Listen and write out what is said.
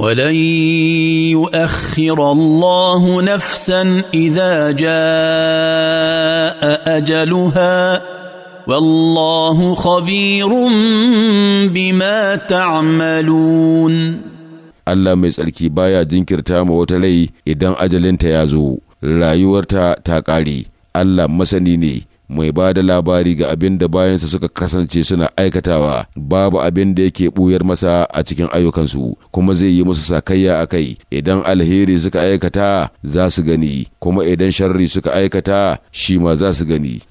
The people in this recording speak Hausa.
ولن يؤخر الله نفسا اذا جاء اجلها والله خبير بما تعملون الله مسألك بايا جنكر تام وتلي إدان أجل انت لا يورتا تاكالي الله مسنيني mai ba da labari ga abin da bayansa suka kasance suna aikatawa babu abin da yake buyar masa a cikin ayyukansu kuma zai yi musu sakayya a kai idan alheri suka aikata za su gani kuma idan sharri suka aikata shi ma za su gani